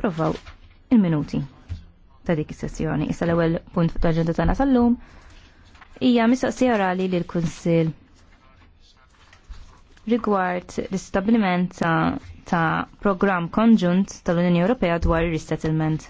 provaw il-minuti ta' dik is-sessjoni. Issa l-ewwel punt fuq l-aġenda tagħna tal-lum hija mistoqsija orali lil kunsill rigward l-istabbiliment ta' programm konġunt tal-Unjoni Ewropea dwar ir-resettlement.